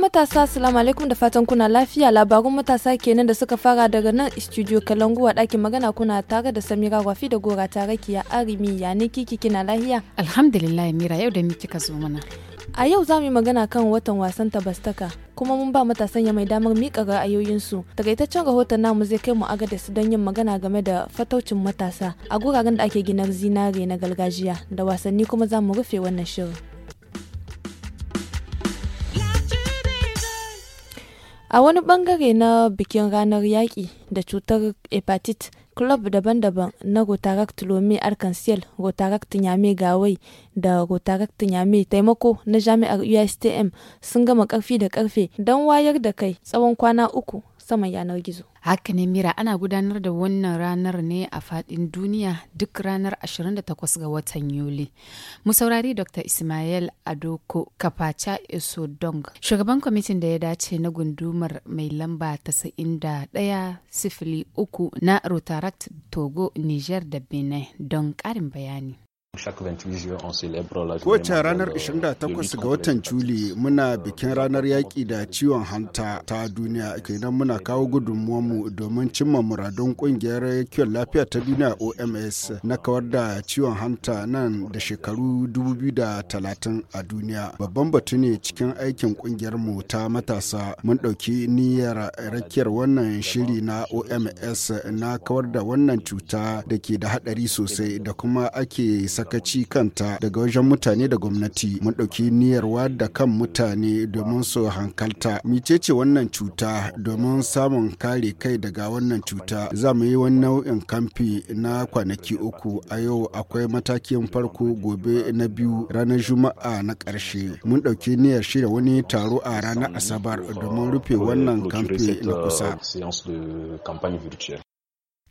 matasa assalamu alaikum da fatan kuna lafiya labarun matasa kenan da suka fara daga nan studio kalangu a ɗakin magana kuna tare da samira wafi da gora tare kiya arimi ya ne kiki kina lahiya alhamdulillah mira yau da miki kika zo mana A yau za mu yi magana kan watan wasan Tabastaka kuma mun ba matasan ya mai damar miƙa ra'ayoyinsu. Takaitaccen rahoton namu zai kai mu agadas don yin magana game da fataucin matasa a guraren da ake ginar zinare na gargajiya da wasanni kuma za mu rufe wannan shirin. A wani bangare na bikin ranar yaƙi da cutar hepatitis, club daban-daban na Rotaract Lome arc Gawai da Rotaract Taimako na Jami'ar USTM sun gama ƙarfi da ƙarfe don wayar da kai tsawon kwana uku saman yanar gizo. Haka ne Mira ana gudanar da wannan ranar ne a fadin duniya duk ranar 28 ga watan Yuli. Mu saurari Dr. Ismail Adoko Kafacha Esodong, shugaban kwamitin da ya dace na gundumar mai lamba sifili uku na Rotaract Togo, Niger da Benin don ƙarin bayani. Kowace ranar 28 ga watan Juli muna bikin ranar yaƙi da ciwon hanta ta duniya kenan muna kawo gudunmuwanmu domin cimma muradun ƙungiyar kiwon lafiya ta duniya OMS na kawar da ciwon hanta nan da shekaru 2030 a duniya. Babban batu ne cikin aikin mu ta matasa mun ɗauki niyyar rakiyar wannan shiri na OMS na kawar da wannan cuta da ke da haɗari sosai da kuma ake sakaci kanta daga wajen mutane da gwamnati mun ɗauki niyyar da kan mutane domin su hankalta ce wannan cuta domin samun kare kai daga wannan cuta za mu yi wani nau'in kamfi na kwanaki uku a yau akwai matakin farko gobe na biyu ranar juma'a na ƙarshe mun ɗauki niyyar shirya wani taro a ranar asabar domin rufe wannan kamfe na kusa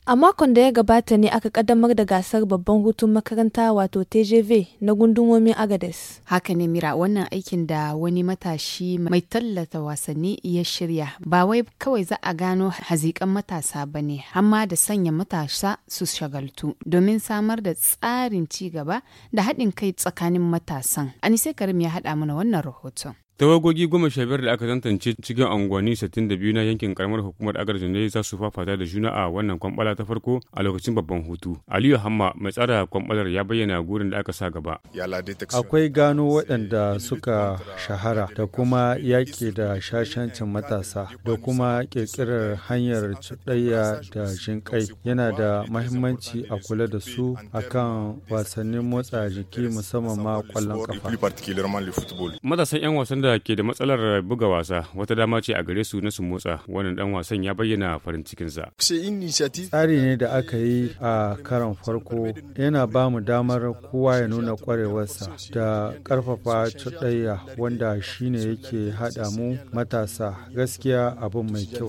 A makon da ya gabata ne aka kaddamar da gasar babban hutun makaranta wato TJV na gundumomin Agades. Haka ne Mira wannan aikin da wani matashi mai tallata wasanni ya shirya. Ba wai kawai za a gano hazikan matasa ba ne, amma da sanya matasa su shagaltu domin samar da tsarin ci gaba da haɗin kai tsakanin matasan. Anise Karim ya haɗa mana wannan rahoton. tawagogi goma sha biyar da aka tantance cikin unguwanni sittin biyu na yankin karamar hukumar agar ne za su fafata da juna a wannan kwambala ta farko a lokacin babban hutu aliyu hamma mai tsara kwambalar ya bayyana gurin da aka sa gaba akwai gano waɗanda suka shahara da kuma yaƙi da shashancin matasa da kuma ƙirƙirar hanyar cuɗayya da jinƙai yana da mahimmanci a kula da su akan wasannin motsa jiki musamman ma ƙwallon kafa matasan 'yan wasan da ke da matsalar buga wasa wata dama ce a gare su na su motsa wannan dan wasan ya bayyana farin cikinsa. Tsari ne da aka yi a karan farko yana ba mu damar kowa ya nuna kwarewarsa da karfafa cuɗayya wanda shine yake haɗa mu matasa gaskiya abin mai kyau.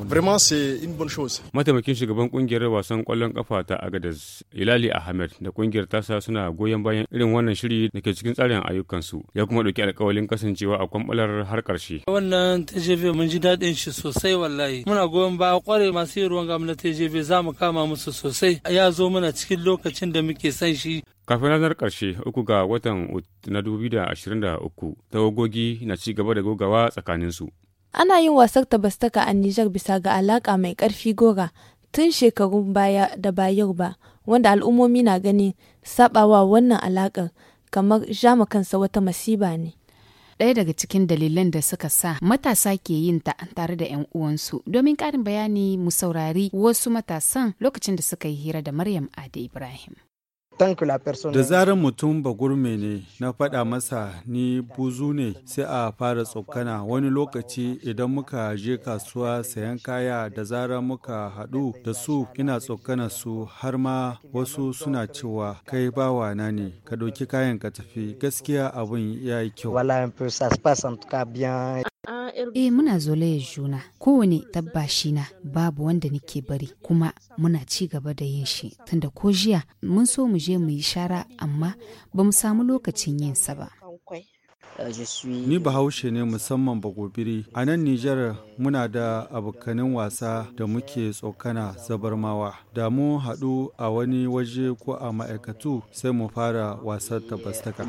Mataimakin shugaban kungiyar wasan kwallon kafa ta Agadez Ilali Ahmed da kungiyar tasa suna goyon bayan irin wannan shiri da ke cikin tsarin ayyukansu ya kuma ɗauki alkawalin kasancewa a kwamɓalar gabatar har ƙarshe. Wannan TJV mun ji daɗin shi sosai wallahi. Muna goyon baya kware masu yin ruwan gamu na TJV za mu kama musu sosai. Ya zo mana cikin lokacin da muke son shi. Kafin ranar karshe uku ga watan na 2023 tawagogi na ci gaba da gogawa tsakaninsu. Ana yin wasar tabastaka a Nijar bisa ga alaƙa mai ƙarfi gora tun shekarun baya da ba yau ba, wanda al'ummomi na ganin saɓawa wannan alaƙar kamar jama kansa wata masiba ne. ɗaya daga cikin dalilan da suka sa matasa ke yin ta tare da 'yan uwansu. Domin ƙarin bayani mu saurari wasu matasan lokacin da suka yi hira da Maryam Ade Ibrahim. Da zarar mutum gurme ne na faɗa masa ni buzu ne sai a fara tsokana wani lokaci idan muka je kasuwa sayan kaya da zarar muka haɗu da su ina tsokana su har ma wasu suna cewa kai bawa na ne ka ɗauki kayan ka tafi gaskiya abin ya yi kyau. Eh muna zolayar juna kowane dabba na babu wanda nake bari kuma muna ci gaba da yin shi tunda ko jiya mun so mu je mu yi shara amma ba mu samu lokacin yin sa ba. Ni bahaushe ne musamman bagobiri a nan Nijar muna da abokanin wasa da muke tsokana zabarmawa da mu haɗu a wani waje ko a ma'aikatu sai mu fara wasar tabbastaka.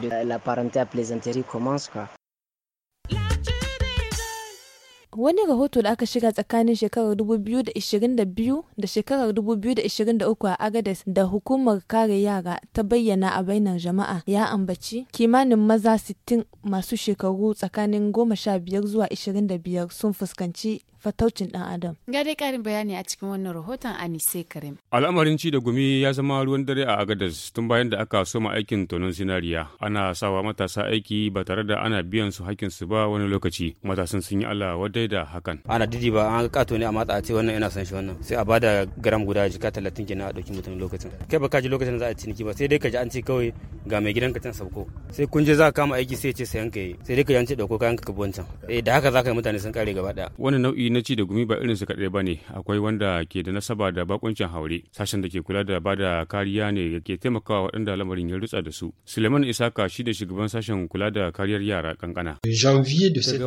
Wani rahoto da aka shiga tsakanin shekarar 2022 da shekarar 2023 a Agades da Hukumar Kare Yara ta bayyana a bainar jama'a ya ambaci kimanin maza 60 masu shekaru tsakanin 15 zuwa 25 sun fuskanci fataucin dan adam. Ga dai karin bayani a cikin wannan rahoton Anise Karim. Al'amarin ci da gumi ya zama ruwan dare a Agadez tun bayan da aka soma aikin tonon zinariya. Ana sawa matasa aiki ba tare da ana biyan su hakkin su ba wani lokaci. Matasan sun yi Allah wadai da hakan. Ana didi ba an kato ne a matsa a ce wannan ina son shi wannan. Sai a bada gram guda jika talatin kenan a dauki mutum lokacin. Kai ba ka ji lokacin da za a ciniki ba sai dai ka ji an ce kawai ga mai gidanka can sauko sai kun je za ka kama aiki sai ce sayan ka yi sai dai ka yanci dauko kayan ka can eh da haka za ka yi mutane sun kare gaba daya wannan nau'i na ci da gumi ba irin su ba bane akwai wanda ke da nasaba da bakuncin haure sashen da ke kula da bada kariya ne ke taimakawa waɗanda lamarin ya rutsa da su suleiman isaka shi da shugaban sashen kula da kariyar yara kankana daga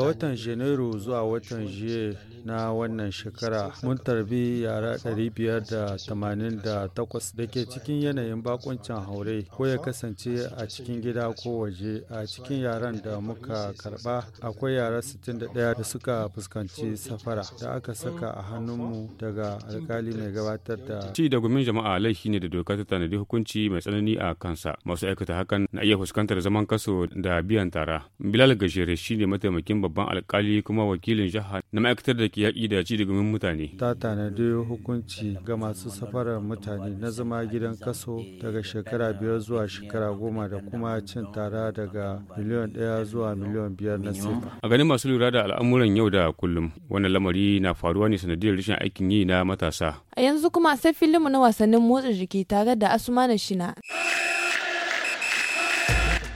watan janairu zuwa watan jiye na wannan shekara mun tarbi yara 588 da ke cikin yanayin bakuncin haure ko ya kasance ce a cikin gida ko waje a cikin yaran da muka karba akwai yara 61 da suka fuskanci safara da aka saka a hannunmu daga alkali mai gabatar da ci da gumin jama'a laifi ne da doka ta tanadi hukunci mai tsanani a kansa masu aikata hakan na iya fuskantar zaman kaso da biyan tara bilal shi shine mataimakin babban alkali kuma wakilin jiha na ma'aikatar da ke yaƙi da ci da gumin mutane ta tanadi hukunci ga masu safarar mutane na zama gidan kaso daga shekara biyar zuwa shekara goma da kuma cin tara daga miliyan ɗaya zuwa miliyan biyar na sefa. A ganin masu lura da al'amuran yau da kullum wannan lamari na faruwa ne sanadiyar rashin aikin yi na matasa. A yanzu kuma sai filinmu na wasannin motsa jiki tare da na Shina.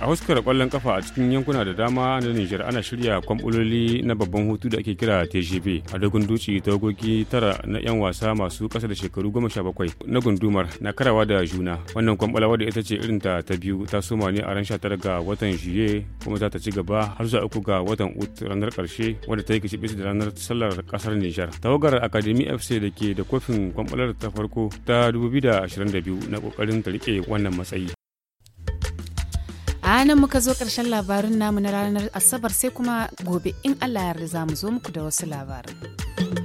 a huskar kwallon kafa a cikin yankuna da dama na nijar ana shirya kwamfuloli na babban hutu da ake kira tgb a dogon duci tagogi tara na 'yan wasa masu kasa da shekaru goma sha bakwai na gundumar na karawa da juna wannan kwamfulawa da ita ce irin ta ta biyu ta soma ne a ran 19 ga watan juye kuma za ta ci gaba har zuwa uku ga watan ut ranar karshe wadda ta yi kici bisa da ranar sallar kasar nijar tawagar academy fc da ke da kofin kwamfular ta farko ta 2022 na kokarin ta rike wannan matsayi a nan muka zo ƙarshen labarin namu na ranar asabar sai kuma gobe in allah yarda za mu zo muku da wasu labarin